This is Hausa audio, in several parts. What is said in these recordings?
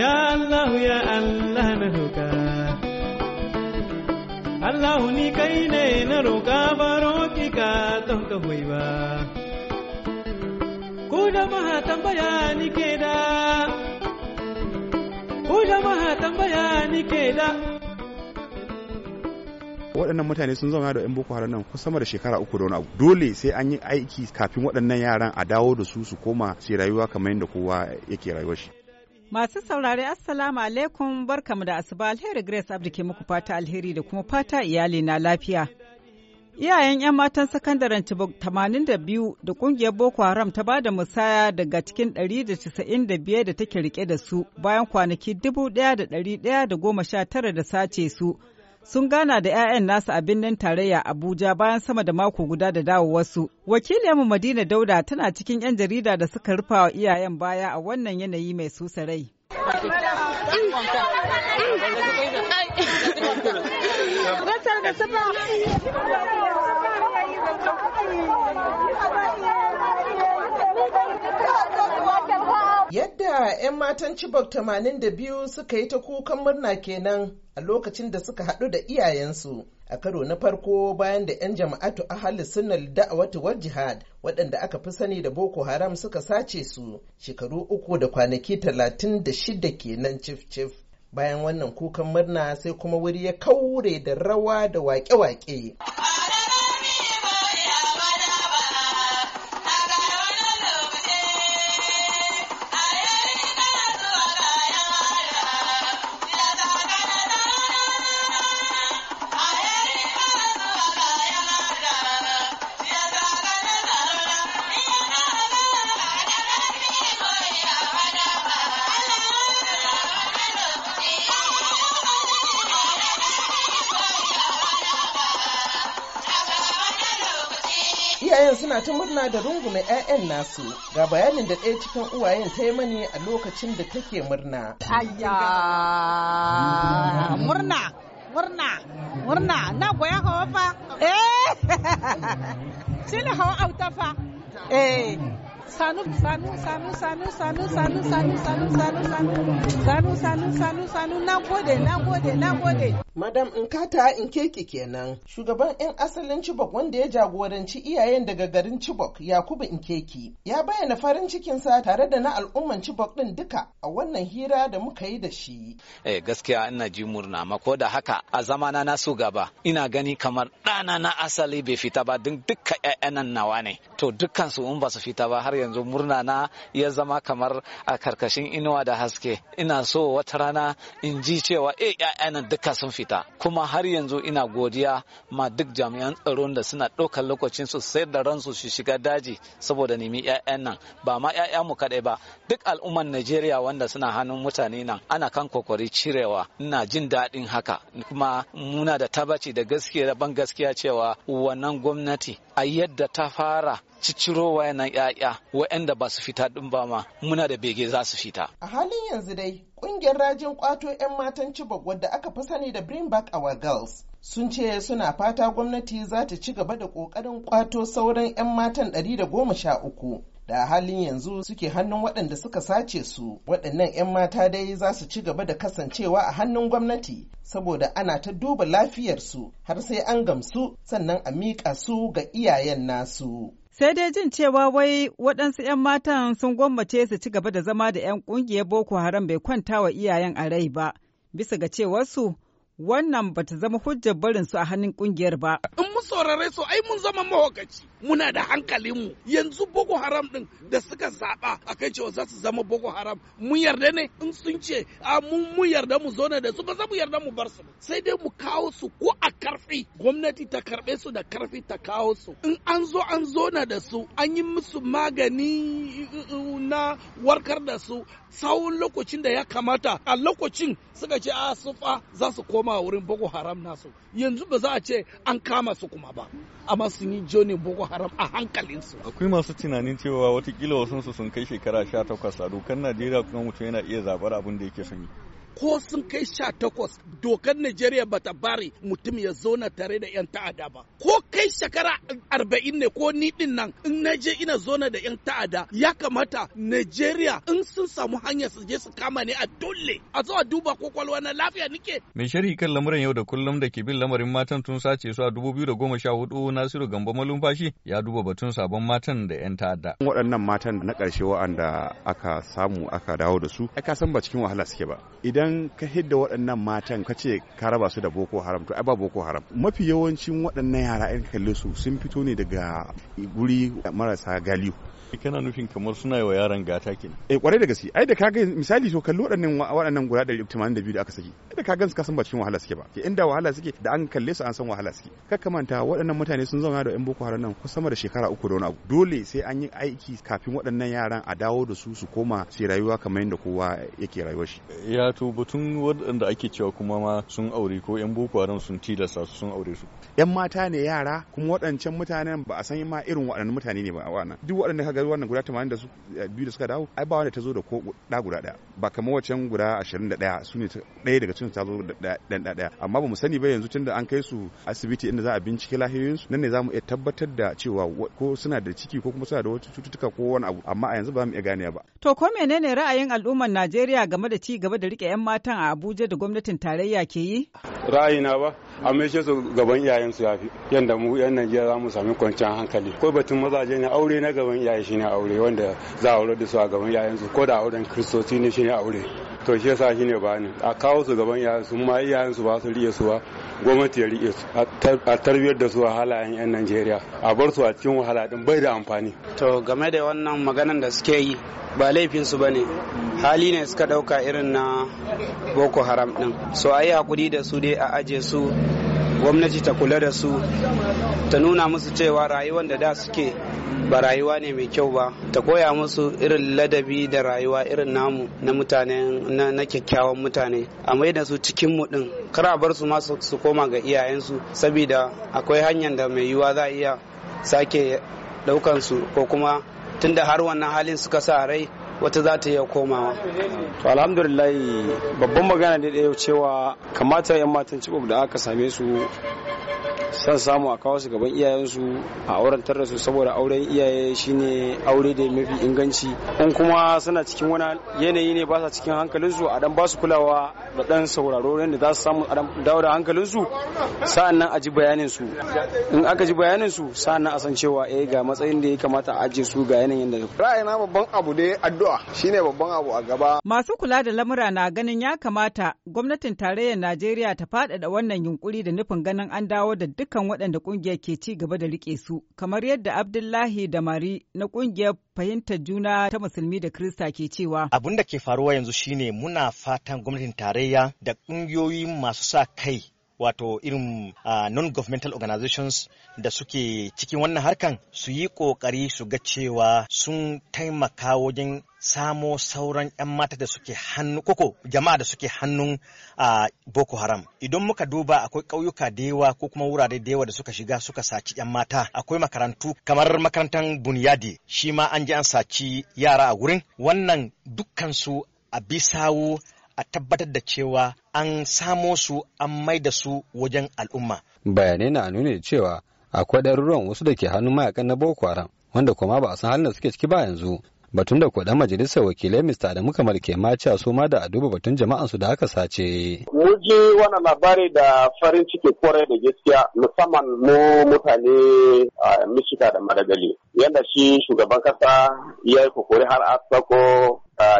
Ya Allah ya Allah na roƙa Allah ni kai ne na roƙa baro ki ka don ka hoyi ba Ku jama'a tambaya ni ke da Ku jama'a tambaya ni ke da waɗannan mutane sun zauna da 'yan boko haram nan kusa da shekara uku da wani abu dole sai an yi aiki kafin waɗannan yaran a dawo da su su koma su rayuwa kamar yadda kowa yake rayuwar shi Masu saurare Assalamu alaikum barkamu da asuba alheri Grace Abdi ke muku fata alheri da kuma fata iyali na lafiya. Iyayen 'yan matan sakandaren Chibok 82 da kungiyar Boko Haram ta ba da musaya daga cikin 195 da take rike da su bayan kwanaki 1119 da sace su sun gana da 'ya'yan nasu a birnin tarayya Abuja bayan sama da mako guda da dawowarsu. Wakiliyarmu Madina Dauda tana cikin 'yan jarida da suka rufa wa iyayen baya a wannan yanayi mai susa rai. Yadda 'yan matan Chibok 82 suka yi ta kukan murna kenan a lokacin da suka haɗu da iyayensu. a karo na farko bayan da 'yan jama'atu ahali sunnal da'awatu wal jihad waɗanda aka fi sani da boko haram suka sace su shekaru uku da kwanaki talatin da shida kenan cif-cif bayan wannan kukan murna sai kuma wuri ya kaure da rawa da waƙe-waƙe. Iyayen suna ta murna da rungume 'ya'yan nasu ga bayanin da ɗaya cikin uwayen ta yi mani a lokacin da take murna. Ayya murna murna murna na goya hawa fa eh shi ne hawa auta fa eh sanu sanu sanu sanu sanu sanu sanu sanu sanu sanu sanu sanu sanu na gode na gode na gode Madam Nkata Nkeki kenan, shugaban 'yan asalin Chibok wanda ya jagoranci iyayen daga garin Chibok, Yakubu Nkeki, ya bayyana farin cikinsa tare da na al'umman Chibok ɗin duka a wannan hira da muka yi da shi. Eh gaskiya ina ji murna ma ko da haka a zamana na su gaba ina gani kamar ɗana na asali bai fita ba dukka ƴaƴan 'ya'yan nawa ne. To dukkan su in ba su fita ba har yanzu murna na ya zama kamar a karkashin inuwa da haske. Ina so wata rana in ji cewa eh 'ya'yan duka sun fita. ta kuma har yanzu ina godiya ma duk jami'an tsaron da suna ɗaukar lokacin su sayar da ransu su shiga daji saboda nemi 'ya'yan nan ba ma 'ya'ya mu kaɗai ba duk al'umman Najeriya wanda suna hannun mutane nan ana kan kokari cirewa ina jin daɗin haka kuma muna da tabaci da gaskiya da ban gaskiya cewa wannan gwamnati a yadda ta fara cicciro wayannan ƴaƴa waɗanda ba su fita ɗin ba ma muna da bege za su fita a halin yanzu dai ƙungiyar rajin kwato 'yan matan Chibok wadda aka fi sani da Bring Back Our Girls sun ce suna fata gwamnati za ta ci gaba da ƙoƙarin kwato sauran 'yan matan 113 da goma sha uku, da halin yanzu suke hannun waɗanda suka sace su waɗannan 'yan mata dai za su ci gaba da kasancewa a hannun gwamnati saboda ana ta duba lafiyarsu har sai an gamsu sannan a miƙa su ga iyayen nasu. Sai dai jin cewa wai waɗansu 'yan matan sun gwammace su ci gaba da zama da 'yan ƙungiyar Boko Haram bai kwanta wa iyayen a rai ba, bisa ga cewarsu wannan ba ta zama hujjar barin su a hannun kungiyar ba. In mun saurare su ai mun zama mahaukaci muna da mu. yanzu Boko Haram din da suka zaba a kai cewa za su zama Boko Haram mun yarda ne in sun ce a mun mun yarda mu zo da su ba za mu yarda mu bar su sai dai mu kawo su ko a karfi gwamnati ta karɓe su da karfi ta kawo su in an zo an zo na da su an yi musu magani uh, uh, na warkar da su tsawon lokacin da ya kamata a lokacin suka ce a sufa za su koma koma wurin boko haram nasu yanzu ba za a ce an kama su kuma ba amma sun yi joni boko haram a hankalinsu akwai masu tunanin cewa watakila wasu sun kai shekara 18 a dokar najeriya kuma mutum yana iya zabar abin da yake son yi ko sun kai sha takwas dokar Najeriya ba ta bari mutum ya na tare da 'yan ta'ada ba. Ko kai shekara arba'in ne ko ni din nan in na je ina zona da 'yan ta'ada ya kamata Najeriya in sun samu hanyar su je su kama ne a dole a zo a duba ko kwalwa na lafiya nike. Mai sharhi kan lamuran yau da kullum da ke bin lamarin matan tun sace su a hudu Nasiru Gambo Malumfashi ya duba batun sabon matan da 'yan ta'ada. Waɗannan matan na ƙarshe wa'anda aka samu aka dawo da su, ka san ba cikin wahala suke ba. Idan idan ka hidda waɗannan matan ka ce ka raba su da boko haram to ai ba boko haram mafi yawancin waɗannan yara in kalle su sun fito ne daga guri marasa galiu kana nufin kamar suna yi wa yaran gata kenan eh kwarai da gaske ai da kaga misali so kallo waɗannan wadannan guda 182 da aka saki da kaga su san ba cikin wahala suke ba ke inda wahala suke da an kalle su an san wahala suke kaka manta waɗannan mutane sun zauna da yan boko haram nan kusa sama da shekara uku da wani abu dole sai an yi aiki kafin waɗannan yaran a dawo da su su koma su rayuwa kamar yadda kowa yake rayuwar shi ya to batun waɗanda ake cewa kuma ma sun aure ko yan boko haram sun tilasta su sun aure su yan mata ne yara kuma wadancan mutanen ba a san ma irin wadannan mutane ne ba a duk waɗanda kaga kaga wannan guda 80 da su eh, biyu da suka dawo ai ba wanda ta zo da ko da guda daya ba kamar wancan guda 21 su ne daya daga cikin ta zo da dan daya amma ba mu sani ba yanzu tunda an kai su asibiti inda za a bincike lafiyoyin su nan ne zamu iya tabbatar da cewa ko suna da ciki ko kuma suna da wata cututtuka ko wani abu amma a yanzu ba mu iya gane ba to ko menene ra'ayin al'ummar Najeriya game da ci gaba da rike yan matan a Abuja da gwamnatin tarayya ke yi ra'ayina ba a mai su gaban iyayen su yafi yanda mu yan Najeriya za mu sami kwanciyar hankali ko batun mazaje ne aure na gaban iyaye shine aure wanda za a aure da su a gaban su ko da auren kristoci ne shine aure to shi yasa shine ba ne a kawo su gaban su ma su ba su riye su ba gwamnati ya riƙe su a tarbiyyar da su a halayen 'yan najeriya a bar su a cikin wahala din bai da amfani to game da wannan maganan da suke yi ba laifin su bane hali ne suka ɗauka irin na boko haram din so a yi hakuri da su dai a aje su gwamnati ta kula da su ta nuna musu cewa rayuwar da da suke ba rayuwa ne mai kyau ba ta koya musu irin ladabi da rayuwa irin namu na mutane na kyakkyawan mutane a mai da su cikin mu din kar a bar su masu su koma ga iyayensu saboda akwai hanyar da mai yiwa za a iya sake daukansu ko kuma tunda har wannan halin suka sa rai wata za ta iya komawa to alhamdulillah babban magana da yau cewa kamata 'yan matan cibok da aka same su san samu a kawo su gaban iyayensu a aurantar da su saboda auren iyaye shine aure da mafi inganci in kuma suna cikin wani yanayi ne ba sa cikin hankalinsu a dan ba su kulawa da dan sauraro yadda za su samu a dawo da hankalinsu sa'an nan a ji bayanin su in aka ji bayanin su sa'an nan a san cewa eh ga matsayin da ya kamata a ajiye su ga yanayin da ra'ayina babban abu ne addu'a shine babban abu a gaba masu kula da lamura na ganin ya kamata gwamnatin tarayyar Najeriya ta faɗaɗa wannan yunkuri da nufin ganin an dawo da dukkan waɗanda ƙungiyar ke ci gaba da riƙe su, kamar yadda Abdullahi da Mari na ƙungiyar fahimtar juna ta musulmi da Krista ke cewa. Abin da ke faruwa yanzu shine muna fatan gwamnatin tarayya da ƙungiyoyi masu sa kai wato irin non-governmental organizations da suke cikin wannan harkan su yi ƙoƙari su ga cewa sun taimaka wajen samo sauran 'yan mata da suke hannu koko jama'a da suke hannun a boko haram idan muka duba akwai ƙauyuka da yawa ko kuma wurare da yawa da suka shiga suka saci 'yan mata akwai makarantu kamar makarantar bunyadi shi ma an ji an saci yara a wurin wannan dukkan su a bisawo a tabbatar da cewa an samo su an mai da su wajen al'umma. Bayanai na nuna cewa akwai ɗaruruwan wasu da ke hannun mayakan na Boko Haram wanda kuma ba a san halin da suke ciki ba yanzu. Batun da kuɗin majalisar wakilai mista da muka malke ma cewa su ma da a duba batun jama'an su da aka sace. Mu wani labari da farin ciki kwarai da gaskiya musamman mu mutane a Michigan da Madagali. Yadda shi shugaban kasa ya yi kokori har a sako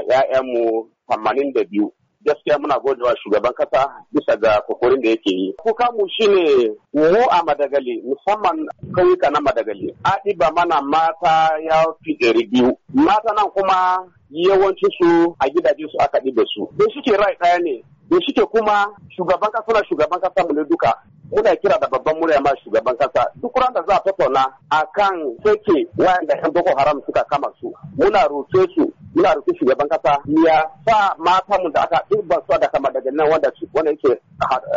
'ya'yanmu 82 gaskiya muna wa shugaban kasa bisa ga kokarin da yake yi. Kuka mu shine mu a Madagali musamman kauyuka na Madagali. Adiba mana mata ya fi ɗari biyu. Mata nan kuma yawanci su a gidaje su aka ɗiba su. Da suke rai ɗaya ne. Da suke kuma shugaban kasa na shugaban kasa mu ne duka. muna kira da babban murya ma shugaban kasa duk ran da za a tattauna akan sake wayanda yan boko haram suka kama su muna roke su muna rufe shugaban kasa ya sa mata mu da aka ɗirban su da daga nan wanda wanda yake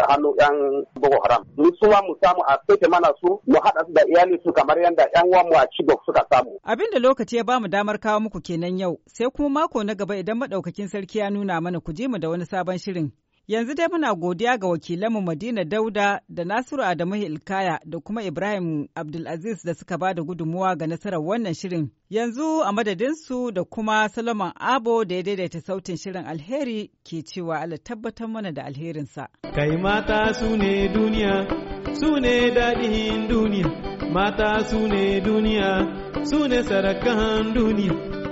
hannu yan boko haram mu suwa mu samu a fete mana su mu hada su da iyali su kamar yadda yan uwan mu a cigo suka samu abin da lokaci ya bamu damar kawo muku kenan yau sai kuma mako na gaba idan madaukakin sarki ya nuna mana ku je mu da wani sabon shirin Yanzu dai muna godiya ga wakilanmu Madina Dauda da Nasiru Adamu Hilkaya da kuma Ibrahim Abdulaziz da suka ba da gudunmuwa ga nasarar wannan shirin. Yanzu a madadinsu da kuma Solomon Abo da ya daidaita sautin shirin alheri ke cewa Allah tabbatar mana da alherinsa. Kai mata su ne duniya, su ne daɗin duniya, mata su ne duniya, su ne sarakan duniya.